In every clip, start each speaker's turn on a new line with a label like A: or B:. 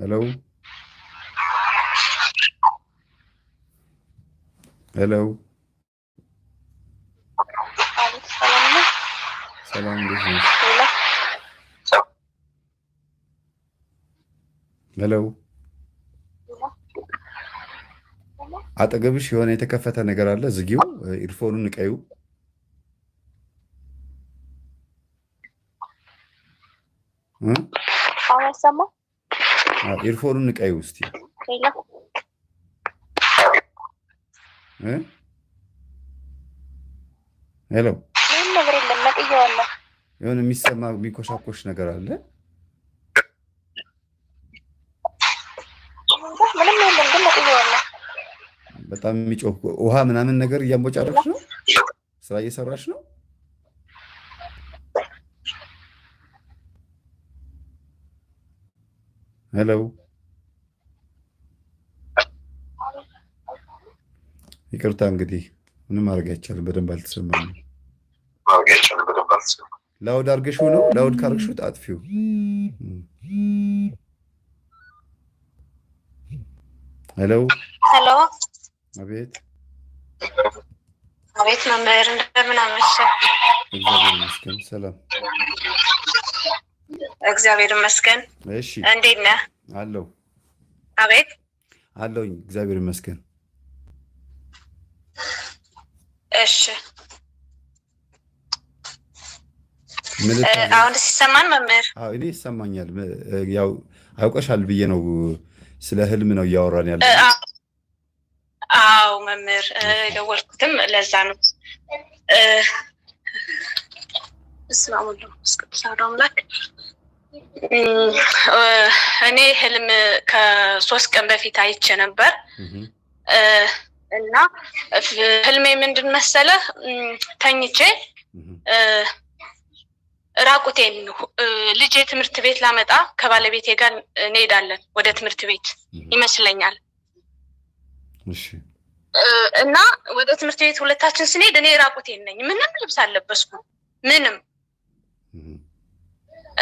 A: በለው በለው። ሰላም እንዴት አጠገብሽ የሆነ የተከፈተ ነገር አለ። ዝጊው፣ ኢርፎኑን ንቀዩ። አሁን ያሰማው ኤርፎኑን ንቀይ ውስጥ ሄሎ፣ የሆነ የሚሰማ የሚኮሻኮሽ ነገር አለ። በጣም የሚጮህ ውሃ ምናምን ነገር እያንቦጫረች ነው። ስራ እየሰራች ነው። Hello. ይቅርታ እንግዲህ ምንም ማድረግ አይቻልም። በደንብ አልተሰማኝም። ላውድ አርገሽው ነው። ላውድ ካርግሽው ጣጥፊው ሄሎ ሄሎ። አቤት
B: አቤት። መምህር እንደምን አመሸህ?
A: እግዚአብሔር ይመስገን ሰላም
B: እግዚአብሔር ይመስገን። እሺ፣ እንዴት ነህ? አለሁ። አቤት፣
A: አለሁኝ። እግዚአብሔር ይመስገን።
B: እሺ፣ አሁን ሲሰማን መምህር?
A: እኔ ይሰማኛል። ያው አውቀሻል ብዬ ነው። ስለ ህልም ነው እያወራን ያለ።
B: አዎ መምህር፣ የደወልኩትም ለዛ ነው። ስማሙሉ ስቅዱስ አምላክ እኔ ህልም ከሶስት ቀን በፊት አይቼ ነበር እና ህልሜ ምንድን መሰለ፣ ተኝቼ ራቁቴን ልጄ ትምህርት ቤት ላመጣ ከባለቤቴ ጋር እንሄዳለን ወደ ትምህርት ቤት ይመስለኛል። እና ወደ ትምህርት ቤት ሁለታችን ስንሄድ እኔ ራቁቴን ነኝ። ምንም ልብስ አለበስኩ? ምንም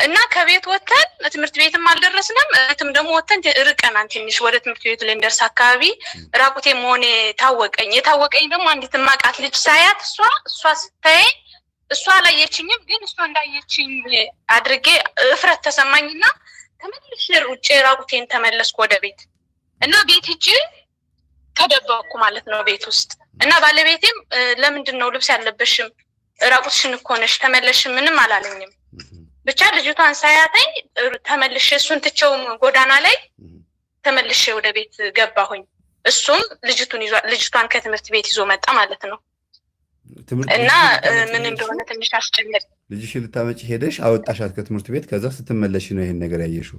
B: እና ከቤት ወተን ትምህርት ቤትም አልደረስንም። እህትም ደግሞ ወተን ርቀናን ትንሽ ወደ ትምህርት ቤቱ ልንደርስ አካባቢ ራቁቴ መሆኔ ታወቀኝ። የታወቀኝ ደግሞ አንዲት ማቃት ልጅ ሳያት እሷ እሷ ስታየኝ እሷ አላየችኝም፣ ግን እሷ እንዳየችኝ አድርጌ እፍረት ተሰማኝና ተመልሼ ውጭ ራቁቴን ተመለስኩ ወደ ቤት እና ቤት ሂጅ ተደበቅኩ ማለት ነው ቤት ውስጥ እና ባለቤቴም ለምንድን ነው ልብስ ያለበሽም ራቁትሽን እኮ ነሽ ተመለሽ ምንም አላለኝም ብቻ ልጅቷን ሳያተኝ ተመልሼ እሱን ትቼውም ጎዳና ላይ ተመልሼ ወደ ቤት ገባሁኝ። እሱም ልጅቱን ልጅቷን ከትምህርት ቤት ይዞ መጣ ማለት ነው። እና ምን እንደሆነ ትንሽ አስጨምር።
A: ልጅሽ ልታመጭ ሄደሽ አወጣሻት ከትምህርት ቤት። ከዛ ስትመለሽ ነው ይሄን ነገር ያየሽው?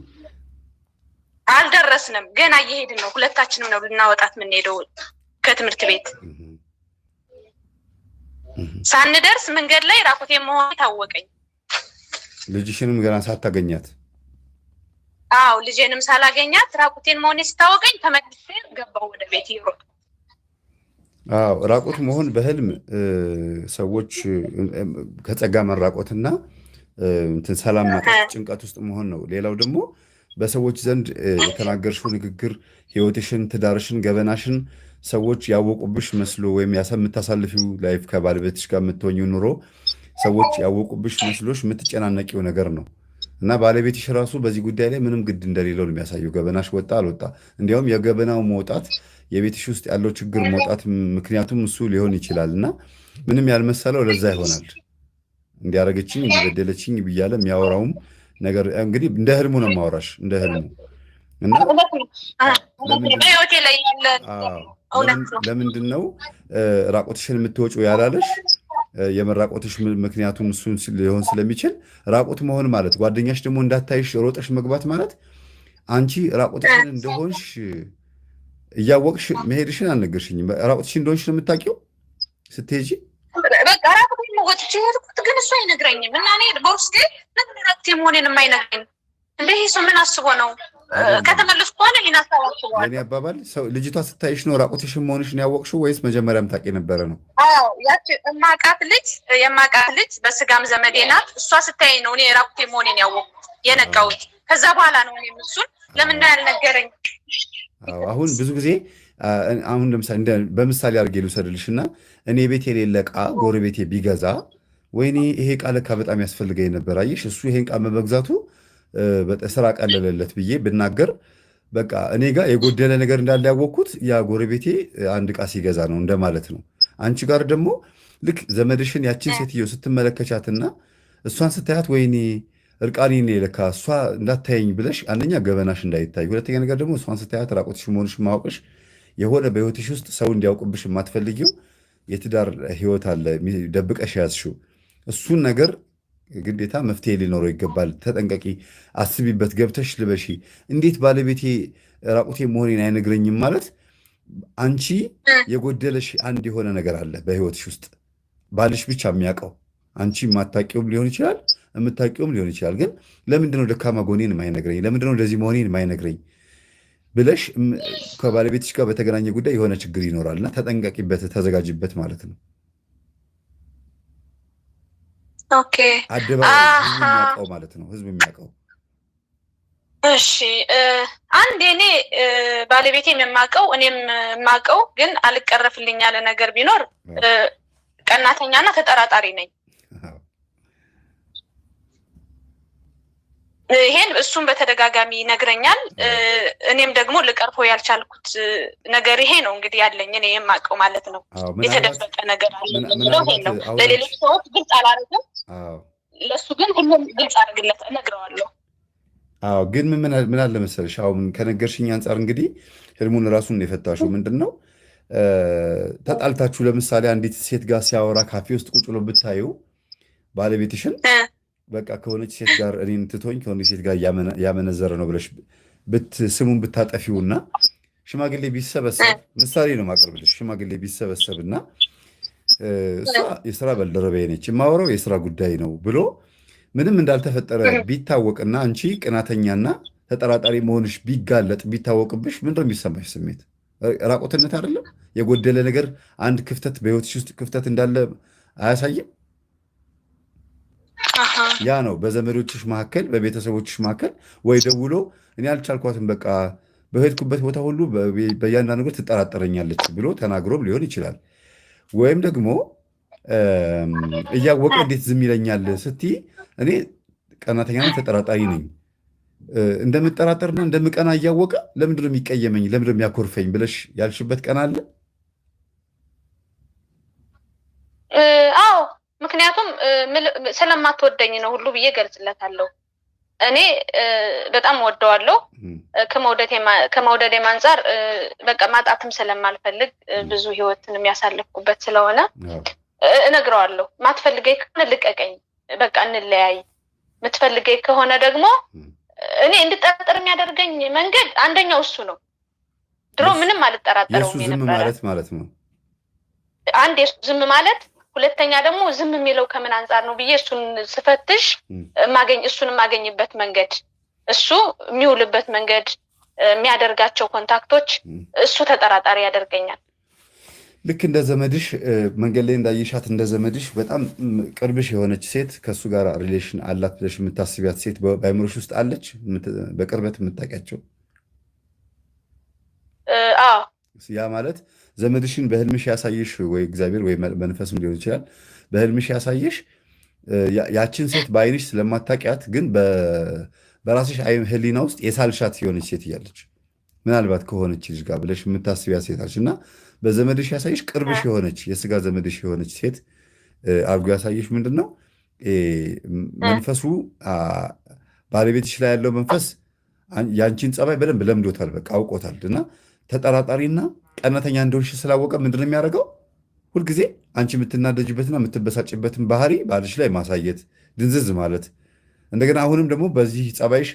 B: አልደረስንም፣ ገና እየሄድን ነው። ሁለታችንም ነው ልናወጣት የምንሄደው ከትምህርት ቤት። ሳንደርስ መንገድ ላይ ራቁቴ መሆን ታወቀኝ።
A: ልጅሽንም ገና ሳታገኛት
B: አዎ ልጄንም ሳላገኛት ራቁቴን መሆን ስታወቀኝ ተመልሼ ገባሁ ወደ ቤት ይሮጥ
A: አዎ ራቁት መሆን በህልም ሰዎች ከጸጋ መራቆትና እንትን ሰላም ማጣት ጭንቀት ውስጥ መሆን ነው። ሌላው ደግሞ በሰዎች ዘንድ የተናገርሽው ንግግር ህይወትሽን፣ ትዳርሽን፣ ገበናሽን ሰዎች ያወቁብሽ መስሎ ወይም የምታሳልፊው ላይፍ ከባለቤትሽ ጋር የምትሆኚው ኑሮ ሰዎች ያወቁብሽ መስሎሽ የምትጨናነቂው ነገር ነው እና ባለቤትሽ ራሱ በዚህ ጉዳይ ላይ ምንም ግድ እንደሌለው ነው የሚያሳየው። ገበናሽ ወጣ አልወጣ፣ እንዲያውም የገበናው መውጣት የቤትሽ ውስጥ ያለው ችግር መውጣት ምክንያቱም እሱ ሊሆን ይችላል እና ምንም ያልመሰለው ለዛ ይሆናል እንዲያረገችኝ እንዲበደለችኝ ብያለ የሚያወራውም ነገር እንግዲህ እንደ ህልሙ ነው የማወራሽ እንደ ህልሙ ለምንድን ነው ራቆትሽን የምትወጪው ያላለሽ የመራቆትሽ ምክንያቱም እሱን ሊሆን ስለሚችል ራቁት መሆን ማለት ጓደኛሽ ደግሞ እንዳታይሽ ሮጠሽ መግባት ማለት አንቺ ራቆትሽን እንደሆንሽ እያወቅሽ መሄድሽን አልነገርሽኝም። ራቆትሽ እንደሆንሽ ነው የምታውቂው ስትሄጂ
B: ግን እሱ አይነግረኝም እና እኔ በውስጤ ምን ራቁቴ መሆኔን የማይነግረኝ እንደ ይህ ምን አስቦ ነው ከተመለስኩ በኋላ ይህን አስተዋል።
A: ለእኔ አባባል ልጅቷ ስታይሽ ነው ራቁትሽን መሆንሽን ያወቅሽው ወይስ መጀመሪያም ታውቂ ነበረ ነው?
B: ያቺ የማውቃት ልጅ የማውቃት ልጅ በስጋም ዘመዴ ናት። እሷ ስታይ ነው እኔ ራቁቴ መሆኔን ያወቅሁት የነቃሁት። ከዛ በኋላ ነው እኔም እሱን ለምን ነው ያልነገረኝ?
A: አሁን ብዙ ጊዜ አሁን ለምሳሌ በምሳሌ አድርጌ ልውሰድልሽ እና እኔ ቤት የሌለ ዕቃ ጎረቤቴ ቢገዛ ወይኔ ይሄ ቃል ለካ በጣም ያስፈልገኝ ነበር አየሽ፣ እሱ ይሄን ቃል በመግዛቱ ስራ ቀለለለት ብዬ ብናገር በቃ እኔ ጋር የጎደለ ነገር እንዳለ ያወቅኩት ያ ጎረቤቴ አንድ ዕቃ ሲገዛ ነው እንደማለት ነው። አንቺ ጋር ደግሞ ልክ ዘመድሽን ያችን ሴትዮ ስትመለከቻትና እሷን ስታያት ወይኔ እርቃኒ ነው ለካ እሷ እንዳታየኝ ብለሽ አንደኛ ገበናሽ እንዳይታይ፣ ሁለተኛ ነገር ደግሞ እሷን ስታያት ራቆትሽ መሆንሽ ማወቅሽ የሆነ በህይወትሽ ውስጥ ሰው እንዲያውቅብሽ የማትፈልጊው የትዳር ህይወት አለ ደብቀሽ ያዝሽው እሱን ነገር ግዴታ መፍትሄ ሊኖረው ይገባል። ተጠንቀቂ፣ አስቢበት፣ ገብተሽ ልበሺ። እንዴት ባለቤቴ ራቁቴ መሆኔን አይነግረኝም ማለት አንቺ የጎደለሽ አንድ የሆነ ነገር አለ በህይወትሽ ውስጥ ባልሽ ብቻ የሚያውቀው አንቺ የማታውቂውም ሊሆን ይችላል፣ የምታውቂውም ሊሆን ይችላል። ግን ለምንድነው ደካማ ጎኔን የማይነግረኝ? ለምንድነው እንደዚህ መሆኔን የማይነግረኝ ብለሽ ከባለቤትሽ ጋር በተገናኘ ጉዳይ የሆነ ችግር ይኖራልና ተጠንቀቂበት፣ ተዘጋጅበት ማለት ነው።
B: አደባባይ
A: የሚያውቀው ማለት ነው፣ ህዝብ የሚያውቀው።
B: እሺ አንድ እኔ ባለቤቴም የማውቀው እኔም የማውቀው ግን አልቀረፍልኝ ያለ ነገር ቢኖር ቀናተኛና ተጠራጣሪ ነኝ። ይሄን እሱም በተደጋጋሚ ይነግረኛል። እኔም ደግሞ ልቀርፎ ያልቻልኩት ነገር ይሄ ነው። እንግዲህ ያለኝ እኔ የማውቀው ማለት ነው። የተደበቀ ነገር አለ ነው። ለሌሎች ሰዎች ግልጽ ለእሱ ግን ሁሉም ግልጽ አድርግለት እነግረዋለሁ።
A: አዎ ግን ምን አለ መሰለሽ፣ አሁን ከነገርሽኝ አንጻር እንግዲህ ህልሙን እራሱን የፈታሹ ምንድን ነው ተጣልታችሁ ለምሳሌ አንዲት ሴት ጋር ሲያወራ ካፌ ውስጥ ቁጭ ብሎ ብታዩ ባለቤትሽን በቃ ከሆነች ሴት ጋር እኔን ትቶኝ ከሆነች ሴት ጋር ያመነዘረ ነው ብለሽ ስሙን ብታጠፊውና ሽማግሌ ቢሰበሰብ ምሳሌ ነው ማቅርብልሽ ሽማግሌ ቢሰበሰብና እሷ የስራ ባልደረባዬ ነች፣ የማወራው የስራ ጉዳይ ነው ብሎ ምንም እንዳልተፈጠረ ቢታወቅና አንቺ ቅናተኛና ተጠራጣሪ መሆንሽ ቢጋለጥ ቢታወቅብሽ ምንድ የሚሰማሽ ስሜት? ራቆትነት አይደለም? የጎደለ ነገር አንድ ክፍተት በህይወትሽ ውስጥ ክፍተት እንዳለ አያሳይም? ያ ነው በዘመዶችሽ መካከል በቤተሰቦችሽ መካከል ወይ ደውሎ እኔ አልቻልኳትም በቃ በሄድኩበት ቦታ ሁሉ በእያንዳንዱ ነገር ትጠራጠረኛለች ብሎ ተናግሮም ሊሆን ይችላል። ወይም ደግሞ እያወቀ እንዴት ዝም ይለኛል ስትይ፣ እኔ ቀናተኛ ነኝ፣ ተጠራጣሪ ነኝ። እንደምጠራጠርና እንደምቀና እያወቀ ለምንድን ነው የሚቀየመኝ፣ ለምንድን ነው የሚያኮርፈኝ ብለሽ ያልሽበት ቀን አለ?
B: አዎ፣ ምክንያቱም ስለማትወደኝ ነው ሁሉ ብዬ ገልጽለታለሁ። እኔ በጣም ወደዋለሁ። ከመውደዴም አንጻር በቃ ማጣትም ስለማልፈልግ ብዙ ህይወትን የሚያሳልፍኩበት ስለሆነ እነግረዋለሁ። ማትፈልገኝ ከሆነ ልቀቀኝ፣ በቃ እንለያይ። የምትፈልገኝ ከሆነ ደግሞ እኔ እንድጠረጥር የሚያደርገኝ መንገድ አንደኛው እሱ ነው። ድሮ ምንም አልጠራጠረውም ማለት ነው። አንድ የሱ ዝም ማለት ሁለተኛ ደግሞ ዝም የሚለው ከምን አንጻር ነው ብዬ እሱን ስፈትሽ እሱን የማገኝበት መንገድ እሱ የሚውልበት መንገድ የሚያደርጋቸው ኮንታክቶች እሱ ተጠራጣሪ ያደርገኛል።
A: ልክ እንደ ዘመድሽ መንገድ ላይ እንዳየሻት እንደ ዘመድሽ በጣም ቅርብሽ የሆነች ሴት ከእሱ ጋር ሪሌሽን አላት ብለሽ የምታስቢያት ሴት በአይምሮሽ ውስጥ አለች? በቅርበት የምታውቂያቸው ያ ማለት ዘመድሽን በህልምሽ ያሳየሽ ወይ እግዚአብሔር ወይ መንፈስም ሊሆን ይችላል በህልምሽ ያሳየሽ ያችን ሴት በአይንሽ ስለማታውቂያት ግን በራስሽ ህሊና ውስጥ የሳልሻት የሆነች ሴት እያለች ምናልባት ከሆነች ልጅ ጋር ብለሽ የምታስቢያት ሴት አለች እና በዘመድሽ ያሳየሽ ቅርብሽ የሆነች የስጋ ዘመድሽ የሆነች ሴት አድርጎ ያሳየሽ ምንድን ነው መንፈሱ ባለቤትሽ ላይ ያለው መንፈስ ያንቺን ጸባይ በደንብ ለምዶታል፣ በቃ አውቆታል እና ተጠራጣሪና ቀናተኛ እንደሆንሽ ስላወቀ ምንድን የሚያደርገው? ሁልጊዜ አንቺ የምትናደጅበትና የምትበሳጭበትን ባህሪ ባልሽ ላይ ማሳየት፣ ድንዝዝ ማለት እንደገና አሁንም ደግሞ በዚህ ጸባይሽ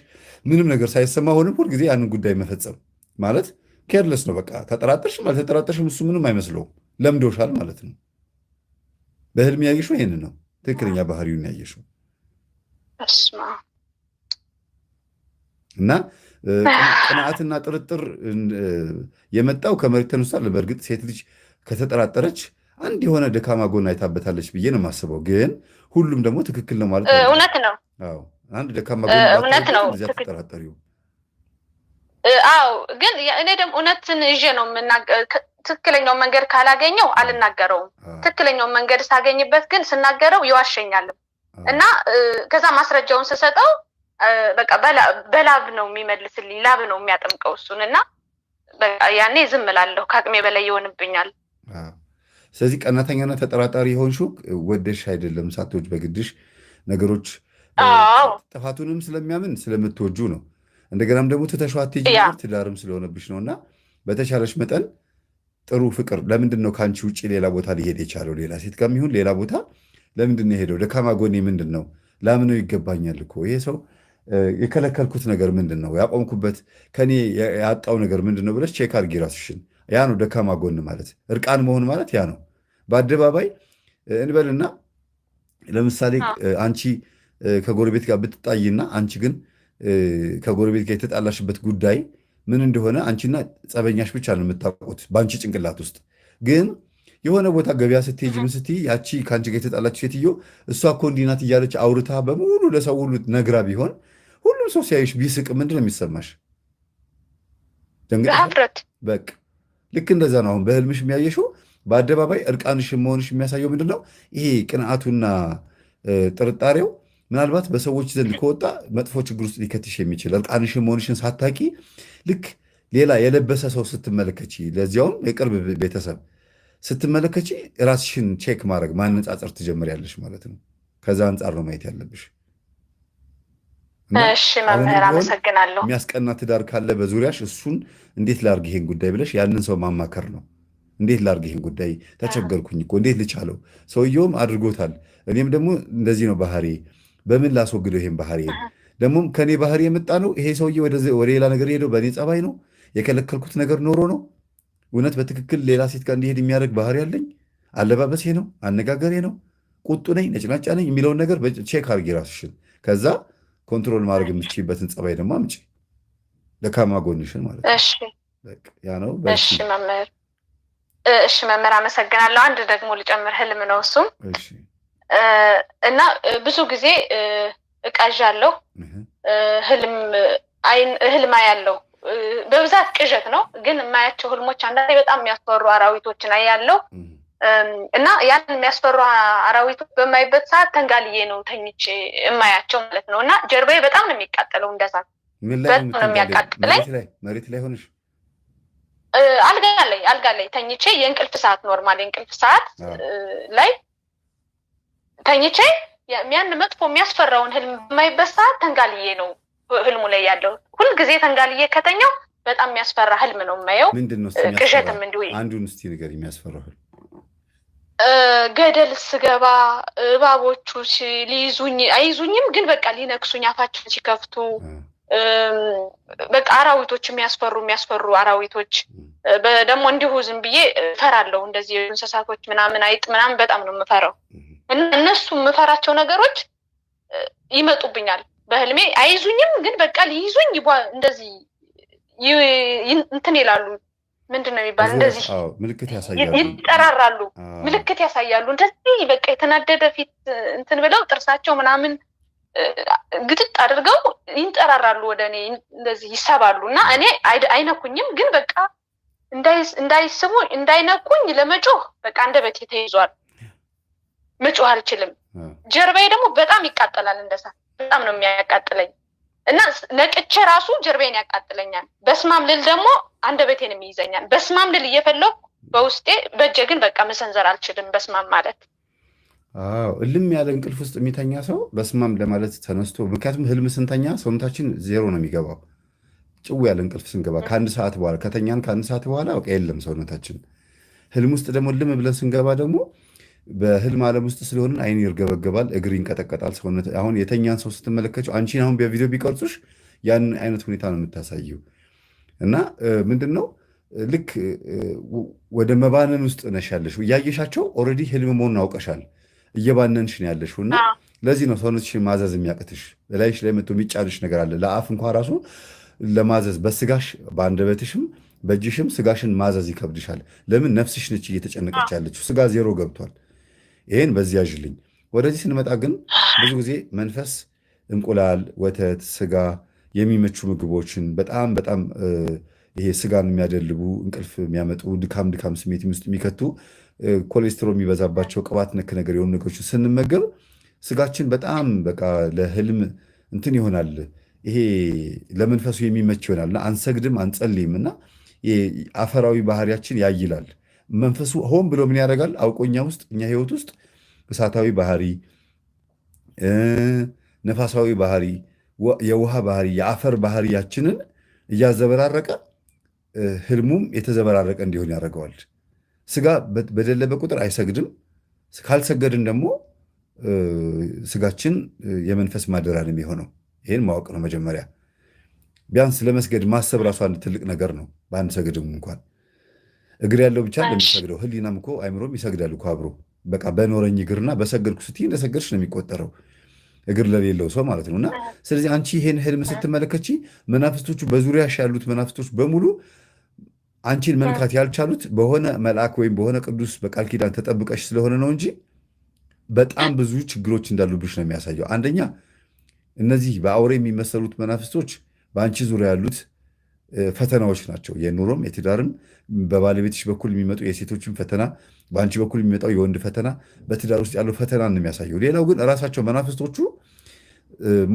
A: ምንም ነገር ሳይሰማ አሁንም ሁልጊዜ ያንን ጉዳይ መፈጸም ማለት ኬርለስ ነው። በቃ ተጠራጠርሽም አልተጠራጠርሽም እሱ ምንም አይመስለውም፣ ለምዶሻል ማለት ነው። በህልም ያየሽው ይህን ነው። ትክክለኛ ባህሪውን ያየሽው እና ቅንዓትና ጥርጥር የመጣው ከመሬት ተነስቷል። በእርግጥ ሴት ልጅ ከተጠራጠረች አንድ የሆነ ደካማ ጎን አይታበታለች ብዬ ነው የማስበው። ግን ሁሉም ደግሞ ትክክል ነው ማለት እውነት ነው። አንድ ደካማ ጎን ተጠራጠሪው
B: አዎ ግን እኔ ደግሞ እውነትን ይዤ ነው ትክክለኛውን መንገድ ካላገኘው አልናገረውም። ትክክለኛው መንገድ ሳገኝበት ግን ስናገረው ይዋሸኛልም እና ከዛ ማስረጃውን ስሰጠው በቃ በላብ ነው የሚመልስልኝ፣ ላብ ነው የሚያጠምቀው እሱን እና ያኔ ዝም እላለሁ፣ ከአቅሜ በላይ ይሆንብኛል።
A: ስለዚህ ቀናተኛና ተጠራጣሪ የሆንሽው ወደሽ አይደለም፣ ሳትወጅ በግድሽ ነገሮች ጥፋቱንም ስለሚያምን ስለምትወጁ ነው። እንደገናም ደግሞ ትተሸዋት ትዳርም ስለሆነብሽ ነው እና በተቻለሽ መጠን ጥሩ ፍቅር ለምንድን ነው ከአንቺ ውጭ ሌላ ቦታ ሊሄድ የቻለው? ሌላ ሴት ጋር ሌላ ቦታ ለምንድን ነው የሄደው? ደካማ ጎኔ ምንድን ነው? ላምነው ይገባኛል እኮ ይሄ ሰው የከለከልኩት ነገር ምንድን ነው? ያቆምኩበት ከኔ ያጣው ነገር ምንድን ነው ብለሽ ቼክ አድርጊ ራስሽን። ያ ነው ደካማ ጎን ማለት። እርቃን መሆን ማለት ያ ነው። በአደባባይ እንበልና ለምሳሌ አንቺ ከጎረቤት ጋር ብትጣይና አንቺ ግን ከጎረቤት ጋር የተጣላሽበት ጉዳይ ምን እንደሆነ አንቺና ጸበኛሽ ብቻ ነው የምታውቁት በአንቺ ጭንቅላት ውስጥ ግን የሆነ ቦታ ገበያ ስትሄጂ ምን ስትይ ያቺ ከአንቺ ጋር የተጣላች ሴትዮ እሷ እኮ እንዲህ ናት እያለች አውርታ በሙሉ ለሰው ሁሉ ነግራ ቢሆን ሁሉም ሰው ሲያዩሽ ቢስቅ ምንድን ነው የሚሰማሽ?
B: በአፍረት በቃ
A: ልክ እንደዛ ነው። አሁን በህልምሽ የሚያየሽው በአደባባይ እርቃንሽ መሆንሽ የሚያሳየው ምንድን ነው? ይሄ ቅንዓቱና ጥርጣሬው ምናልባት በሰዎች ዘንድ ከወጣ መጥፎ ችግር ውስጥ ሊከትሽ የሚችል እርቃንሽ መሆንሽን ሳታቂ ልክ ሌላ የለበሰ ሰው ስትመለከች፣ ለዚያውም የቅርብ ቤተሰብ ስትመለከች ራስሽን ቼክ ማድረግ ማነጻጸር ትጀምሪያለሽ ማለት ነው። ከዛ አንጻር ነው ማየት ያለብሽ።
B: እሺ መምህር አመሰግናለሁ።
A: የሚያስቀና ትዳር ካለ በዙሪያሽ እሱን እንዴት ላርግ ይሄን ጉዳይ ብለሽ ያንን ሰው ማማከር ነው። እንዴት ላርግ ይሄን ጉዳይ ተቸገርኩኝ እኮ እንዴት ልቻለው? ሰውየውም አድርጎታል። እኔም ደግሞ እንደዚህ ነው ባህሪ፣ በምን ላስወግደው ይሄን ባህሪ? ደግሞም ከእኔ ባህሪ የመጣ ነው ይሄ ሰውዬ ወደ ሌላ ነገር ሄደው በእኔ ጸባይ ነው የከለከልኩት ነገር ኖሮ ነው። እውነት በትክክል ሌላ ሴት ጋር እንዲሄድ የሚያደርግ ባህሪ አለኝ? አለባበሴ ነው፣ አነጋገሬ ነው፣ ቁጡ ነኝ፣ ነጭናጫ ነኝ የሚለውን ነገር ቼክ አርጊ ራስሽን ከዛ ኮንትሮል ማድረግ የምችልበትን ጸባይ ደግሞ አምጪ፣ ደካማ ጎንሽን ማለት ነው።
B: እሺ መምህር አመሰግናለሁ። አንድ ደግሞ ልጨምር ህልም ነው እሱም እና ብዙ ጊዜ እቃዣለሁ ህልም አይን ህልም ያለው በብዛት ቅዠት ነው። ግን የማያቸው ህልሞች አንዳንዴ በጣም የሚያስፈሩ አራዊቶችን አያለው። እና ያን የሚያስፈሩ አራዊቱ በማይበት ሰዓት ተንጋልዬ ነው ተኝቼ የማያቸው ማለት ነው። እና ጀርባዬ በጣም ነው የሚቃጠለው፣ እንደዛ በጣም ነው የሚያቃጥለኝ። መሬት ላይ ሆነሽ አልጋ ላይ አልጋ ላይ ተኝቼ የእንቅልፍ ሰዓት ኖርማል የእንቅልፍ ሰዓት ላይ ተኝቼ ያን መጥፎ የሚያስፈራውን ህልም በማይበት ሰዓት ተንጋልዬ ነው ህልሙ ላይ ያለው። ሁልጊዜ ተንጋልዬ ከተኛው በጣም የሚያስፈራ ህልም ነው የማየው። ቅዠትም እንዲሁ አንዱን እስኪ ንገሪኝ የሚያስፈራው ህልም ገደል ስገባ እባቦቹ ሊይዙኝ አይዙኝም፣ ግን በቃ ሊነክሱኝ አፋቸውን ሲከፍቱ በቃ አራዊቶች የሚያስፈሩ የሚያስፈሩ አራዊቶች ደግሞ እንዲሁ ዝም ብዬ እፈራለሁ። እንደዚህ እንስሳቶች ምናምን አይጥ ምናምን በጣም ነው የምፈራው እና እነሱ የምፈራቸው ነገሮች ይመጡብኛል በህልሜ አይዙኝም፣ ግን በቃ ሊይዙኝ እንደዚህ እንትን ይላሉ ምንድን ነው የሚባል እንደዚህ ምልክት ያሳያሉ፣ ይጠራራሉ፣ ምልክት ያሳያሉ። እንደዚህ በቃ የተናደደ ፊት እንትን ብለው ጥርሳቸው ምናምን ግጥጥ አድርገው ይንጠራራሉ፣ ወደ እኔ እንደዚህ ይሰባሉ። እና እኔ አይነኩኝም፣ ግን በቃ እንዳይስቡ እንዳይነኩኝ ለመጮህ በቃ አንደበቴ ተይዟል። መጮህ አልችልም። ጀርባዬ ደግሞ በጣም ይቃጠላል፣ እንደሳ በጣም ነው የሚያቃጥለኝ። እና ለቅቼ ራሱ ጀርቤን ያቃጥለኛል። በስማም ልል ደግሞ አንደበቴንም ይይዘኛል። በስማም ልል እየፈለኩ በውስጤ በእጀ ግን በቃ መሰንዘር አልችልም። በስማም ማለት
A: አዎ፣ እልም ያለ እንቅልፍ ውስጥ የሚተኛ ሰው በስማም ለማለት ተነስቶ፣ ምክንያቱም ህልም ስንተኛ ሰውነታችን ዜሮ ነው የሚገባው። ጭው ያለ እንቅልፍ ስንገባ ከአንድ ሰዓት በኋላ ከተኛን ከአንድ ሰዓት በኋላ በቃ የለም ሰውነታችን። ህልም ውስጥ ደግሞ ልም ብለን ስንገባ ደግሞ በህልም ዓለም ውስጥ ስለሆንን አይን ይርገበገባል፣ እግር ይንቀጠቀጣል። ሰውነት አሁን የተኛን ሰው ስትመለከችው አንቺን አሁን በቪዲዮ ቢቀርጹሽ ያንን አይነት ሁኔታ ነው የምታሳየው። እና ምንድን ነው ልክ ወደ መባነን ውስጥ ነሽ ያለሽው። እያየሻቸው ኦልሬዲ ህልም መሆኑን አውቀሻል። እየባነንሽ ነው ያለሽው እና ለዚህ ነው ሰውነትሽን ማዘዝ የሚያቅትሽ። ላይሽ ላይ መቶ የሚጫንሽ ነገር አለ። ለአፍ እንኳ ራሱ ለማዘዝ በስጋሽ በአንደበትሽም በእጅሽም ስጋሽን ማዘዝ ይከብድሻል። ለምን? ነፍስሽ ነች እየተጨነቀች ያለችው። ስጋ ዜሮ ገብቷል። ይህን በዚህ ያዥልኝ። ወደዚህ ስንመጣ ግን ብዙ ጊዜ መንፈስ እንቁላል፣ ወተት፣ ስጋ የሚመቹ ምግቦችን በጣም በጣም ይሄ ስጋን የሚያደልቡ እንቅልፍ የሚያመጡ ድካም ድካም ስሜት ውስጥ የሚከቱ ኮሌስትሮል የሚበዛባቸው ቅባት ነክ ነገር የሆኑ ነገሮችን ስንመገብ ስጋችን በጣም በቃ ለህልም እንትን ይሆናል። ይሄ ለመንፈሱ የሚመች ይሆናል እና አንሰግድም፣ አንጸልይም እና አፈራዊ ባህሪያችን ያይላል። መንፈሱ ሆን ብሎ ምን ያደርጋል? አውቆኛ ውስጥ እኛ ህይወት ውስጥ እሳታዊ ባህሪ፣ ነፋሳዊ ባህሪ፣ የውሃ ባህሪ፣ የአፈር ባህሪያችንን እያዘበራረቀ ህልሙም የተዘበራረቀ እንዲሆን ያደርገዋል። ስጋ በደለበ ቁጥር አይሰግድም። ካልሰገድን ደግሞ ስጋችን የመንፈስ ማደሪያ ነው የሚሆነው። ይህን ማወቅ ነው መጀመሪያ። ቢያንስ ለመስገድ ማሰብ ራሱ አንድ ትልቅ ነገር ነው። በአንድ ሰግድም እንኳን እግር ያለው ብቻ እንደሚሰግደው ህሊናም እኮ አይምሮም ይሰግዳል እኮ አብሮ። በቃ በኖረኝ እግርና በሰገድኩ ስትይ እንደሰገድሽ ነው የሚቆጠረው እግር ለሌለው ሰው ማለት ነው። እና ስለዚህ አንቺ ይሄን ህልም ስትመለከቺ መናፍስቶቹ በዙሪያሽ ያሉት መናፍስቶች በሙሉ አንቺን መንካት ያልቻሉት በሆነ መልአክ ወይም በሆነ ቅዱስ በቃል ኪዳን ተጠብቀሽ ስለሆነ ነው እንጂ በጣም ብዙ ችግሮች እንዳሉብሽ ነው የሚያሳየው። አንደኛ እነዚህ በአውሬ የሚመሰሉት መናፍስቶች በአንቺ ዙሪያ ያሉት ፈተናዎች ናቸው። የኑሮም የትዳርም በባለቤትሽ በኩል የሚመጡ የሴቶችን ፈተና፣ በአንቺ በኩል የሚመጣው የወንድ ፈተና፣ በትዳር ውስጥ ያለው ፈተና ነው የሚያሳየው። ሌላው ግን ራሳቸው መናፍስቶቹ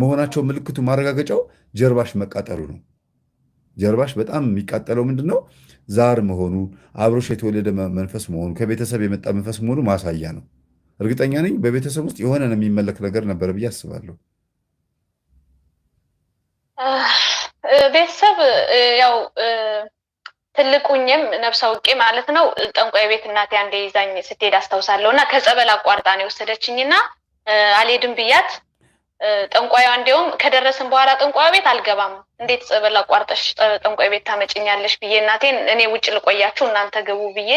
A: መሆናቸው ምልክቱ ማረጋገጫው ጀርባሽ መቃጠሉ ነው። ጀርባሽ በጣም የሚቃጠለው ምንድን ነው? ዛር መሆኑ፣ አብሮሽ የተወለደ መንፈስ መሆኑ፣ ከቤተሰብ የመጣ መንፈስ መሆኑ ማሳያ ነው። እርግጠኛ ነኝ በቤተሰብ ውስጥ የሆነ የሚመለክ ነገር ነበረ ብዬ አስባለሁ። ቤተሰብ ያው ትልቁኝም ነብሰ ውቄ ማለት ነው ጠንቋይ ቤት እናቴ አንዴ ይዛኝ ስትሄድ አስታውሳለሁ እና ከጸበል አቋርጣ ነው የወሰደችኝና አልሄድም ብያት ጠንቋዩ እንዲሁም ከደረስን በኋላ ጠንቋዩ ቤት አልገባም፣ እንዴት ጸበል አቋርጠሽ ጠንቋይ ቤት ታመጭኛለሽ ብዬ እናቴን እኔ ውጭ ልቆያችሁ እናንተ ግቡ ብዬ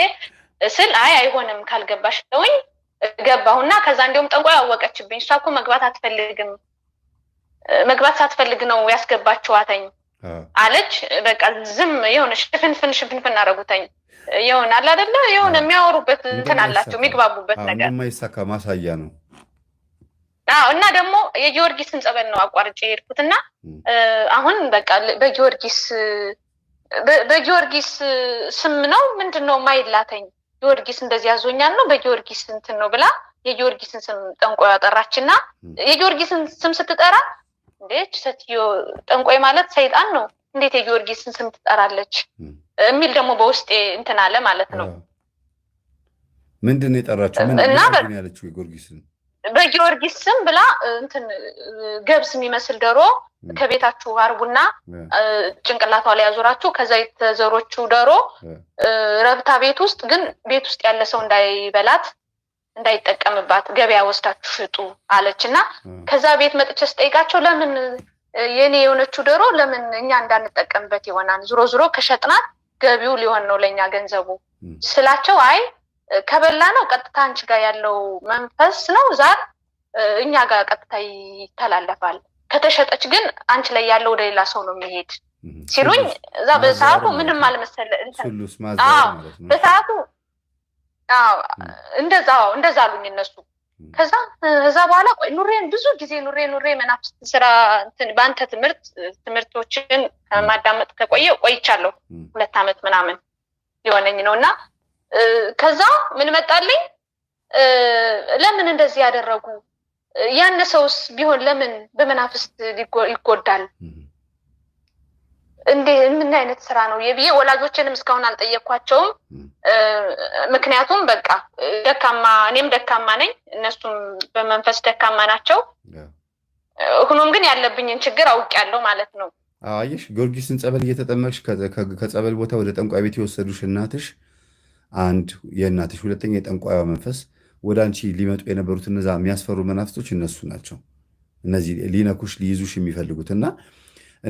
A: ስል አይ አይሆንም ካልገባሽ ለውኝ ገባሁና ከዛ እንዲሁም ጠንቋዩ አወቀችብኝ። እሷ እኮ መግባት አትፈልግም መግባት ሳትፈልግ ነው ያስገባችኋተኝ አለች። በቃ ዝም የሆነ ሽፍንፍን ሽፍንፍን አደረጉተኝ። የሆነ አለ አደለ የሆነ የሚያወሩበት እንትን አላቸው የሚግባቡበት ነገር የማይሳካ ማሳያ ነው። እና ደግሞ የጊዮርጊስን ጸበል ነው አቋርጬ የሄድኩት እና አሁን በቃ በጊዮርጊስ በጊዮርጊስ ስም ነው ምንድን ነው ማይላተኝ ጊዮርጊስ እንደዚህ ያዞኛል ነው በጊዮርጊስ እንትን ነው ብላ የጊዮርጊስን ስም ጠንቆ ያጠራች እና የጊዮርጊስን ስም ስትጠራ እንዴች ሴትዮ ጠንቋይ ማለት ሰይጣን ነው፣ እንዴት የጊዮርጊስን ስም ትጠራለች? የሚል ደግሞ በውስጤ እንትን አለ ማለት ነው። ምንድን የጠራችው? ያለችው? የጊዮርጊስን በጊዮርጊስ ስም ብላ እንትን ገብስ የሚመስል ዶሮ ከቤታችሁ አርቡና ጭንቅላቷ ላይ ያዞራችሁ፣ ከዛ የተዘሮቹ ዶሮ ረብታ ቤት ውስጥ ግን ቤት ውስጥ ያለ ሰው እንዳይበላት እንዳይጠቀምባት ገበያ ወስዳችሁ ሽጡ አለች እና ከዛ ቤት መጥቼ ስጠይቃቸው ለምን የኔ የሆነችው ዶሮ ለምን እኛ እንዳንጠቀምበት ይሆናል? ዝሮ ዝሮ ከሸጥናት ገቢው ሊሆን ነው ለእኛ ገንዘቡ ስላቸው፣ አይ ከበላ ነው ቀጥታ አንቺ ጋር ያለው መንፈስ ነው ዛር እኛ ጋር ቀጥታ ይተላለፋል። ከተሸጠች ግን አንቺ ላይ ያለው ወደ ሌላ ሰው ነው የሚሄድ ሲሉኝ፣ እዛ በሰዓቱ ምንም አልመሰለ በሰዓቱ እንደዛ እንደዛ አሉኝ እነሱ። ከዛ እዛ በኋላ ቆይ ኑሬን ብዙ ጊዜ ኑሬ ኑሬ መናፍስት ስራ በአንተ ትምህርት ትምህርቶችን ከማዳመጥ ከቆየ ቆይቻለሁ ሁለት አመት ምናምን ሊሆነኝ ነው እና ከዛ ምን መጣልኝ፣ ለምን እንደዚህ ያደረጉ ያነሰውስ ቢሆን ለምን በመናፍስት ይጎዳል እንዴ ምን አይነት ስራ ነው የብዬ ወላጆችንም እስካሁን አልጠየኳቸውም። ምክንያቱም በቃ ደካማ እኔም ደካማ ነኝ፣ እነሱም በመንፈስ ደካማ ናቸው። ሁኖም ግን ያለብኝን ችግር አውቄያለሁ ማለት ነው። አየሽ ጊዮርጊስን ጸበል እየተጠመቅሽ ከጸበል ቦታ ወደ ጠንቋይ ቤት የወሰዱሽ እናትሽ አንድ የእናትሽ ሁለተኛ የጠንቋዩ መንፈስ ወደ አንቺ ሊመጡ የነበሩት እነዛ የሚያስፈሩ መናፍስቶች እነሱ ናቸው። እነዚህ ሊነኩሽ ሊይዙሽ የሚፈልጉት እና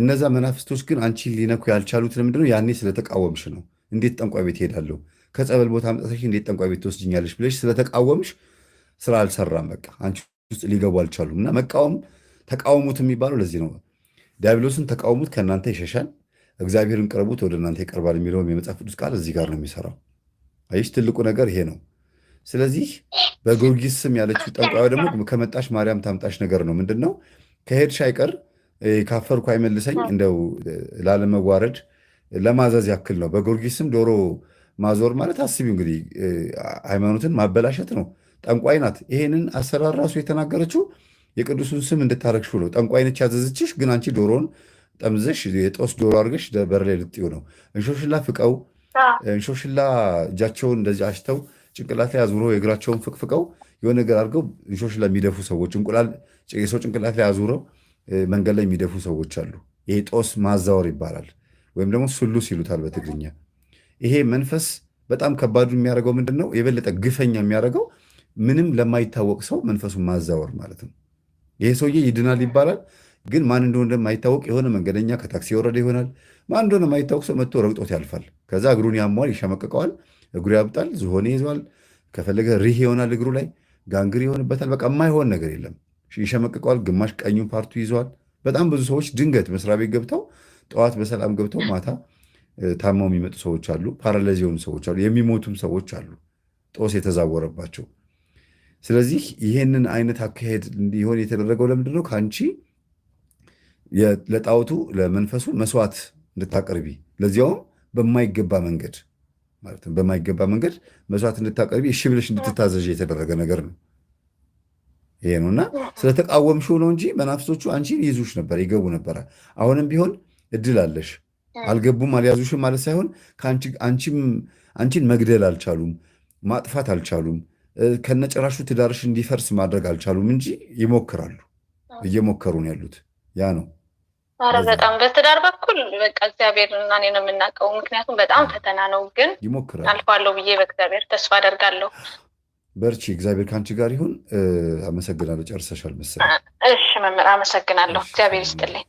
A: እነዛ መናፍስቶች ግን አንቺን ሊነኩ ያልቻሉት ለምንድነው? ያኔ ስለተቃወምሽ ነው። እንዴት ጠንቋይ ቤት ሄዳለሁ ከጸበል ቦታ አምጣታሽ እንዴት ጠንቋይ ቤት ትወስድኛለች ብለሽ ስለተቃወምሽ ስራ አልሰራም። በቃ አንቺ ውስጥ ሊገቡ አልቻሉም። እና መቃወም ተቃውሙት የሚባለው ለዚህ ነው። ዲያብሎስን ተቃውሙት ከእናንተ ይሸሻል፣ እግዚአብሔርን ቅረቡት ወደ እናንተ ይቀርባል የሚለውም የመጽሐፍ ቅዱስ ቃል እዚህ ጋር ነው የሚሰራው። አይሽ ትልቁ ነገር ይሄ ነው። ስለዚህ በጊዮርጊስ ስም ያለችው ጠንቋዩ ደግሞ ከመጣሽ ማርያም ታምጣሽ ነገር ነው። ምንድን ነው ከሄድሽ አይቀር ካፈርኩ አይመልሰኝ። እንደው ላለመዋረድ ለማዘዝ ያክል ነው። በጊዮርጊስ ዶሮ ማዞር ማለት አስቢው እንግዲህ ሃይማኖትን ማበላሸት ነው። ጠንቋይ ናት። ይሄንን አሰራር ራሱ የተናገረችው የቅዱሱን ስም እንድታረግሹ ነው። ጠንቋይ ነች ግን አንቺ ዶሮን ጠምዘሽ የጦስ ዶሮ አድርገሽ በር ላይ ልጥዩ ነው። እንሾሽላ ፍቀው እንሾሽላ እጃቸውን እንደዚህ አሽተው ጭንቅላት ላይ አዙረው የእግራቸውን ፍቅፍቀው የሆነ ነገር አድርገው እንሾሽላ የሚደፉ ሰዎች እንቁላል የሰው ጭንቅላት ላይ አዙረው መንገድ ላይ የሚደፉ ሰዎች አሉ። ይሄ ጦስ ማዛወር ይባላል፣ ወይም ደግሞ ሱሉስ ይሉታል በትግርኛ። ይሄ መንፈስ በጣም ከባዱ የሚያደርገው ምንድን ነው? የበለጠ ግፈኛ የሚያደርገው ምንም ለማይታወቅ ሰው መንፈሱን ማዛወር ማለት ነው። ይሄ ሰውዬ ይድናል ይባላል፣ ግን ማን እንደሆነ እንደማይታወቅ የሆነ መንገደኛ ከታክሲ የወረደ ይሆናል። ማን እንደሆነ የማይታወቅ ሰው መጥቶ ረግጦት ያልፋል። ከዛ እግሩን ያሟል፣ ይሸመቀቀዋል፣ እግሩ ያብጣል፣ ዝሆኔ ይዟል፣ ከፈለገ ሪህ ይሆናል፣ እግሩ ላይ ጋንግር ይሆንበታል። በቃ የማይሆን ነገር የለም። ይሸመቅቀዋል፣ ግማሽ ቀኙን ፓርቱ ይዘዋል። በጣም ብዙ ሰዎች ድንገት መስሪያ ቤት ገብተው ጠዋት በሰላም ገብተው ማታ ታመው የሚመጡ ሰዎች አሉ። ፓራላይዝ የሆኑ ሰዎች አሉ። የሚሞቱም ሰዎች አሉ፣ ጦስ የተዛወረባቸው። ስለዚህ ይህንን አይነት አካሄድ እንዲሆን የተደረገው ለምንድን ነው? ከአንቺ ለጣዖቱ ለመንፈሱ መስዋዕት እንድታቀርቢ ለዚያውም በማይገባ መንገድ ማለት በማይገባ መንገድ መስዋዕት እንድታቀርቢ እሺ ብለሽ እንድትታዘዥ የተደረገ ነገር ነው። ይሄ ነው እና ስለተቃወምሽው ነው እንጂ መናፍሶቹ አንቺን ይዙሽ ነበር፣ ይገቡ ነበረ። አሁንም ቢሆን እድል አለሽ። አልገቡም አልያዙሽም ማለት ሳይሆን አንቺን መግደል አልቻሉም፣ ማጥፋት አልቻሉም፣ ከነጭራሹ ትዳርሽ እንዲፈርስ ማድረግ አልቻሉም እንጂ ይሞክራሉ፣ እየሞከሩ ነው ያሉት። ያ ነው። ኧረ በጣም በትዳር በኩል በቃ እግዚአብሔር እና እኔ ነው የምናውቀው። ምክንያቱም በጣም ፈተና ነው፣ ግን ይሞክራል። አልፋለሁ ብዬ በእግዚአብሔር ተስፋ አደርጋለሁ። በርቺ፣ እግዚአብሔር ከአንቺ ጋር ይሁን። አመሰግናለሁ። ጨርሰሻል መሰለኝ። እሺ መምህር፣ አመሰግናለሁ። እግዚአብሔር ይስጥልኝ።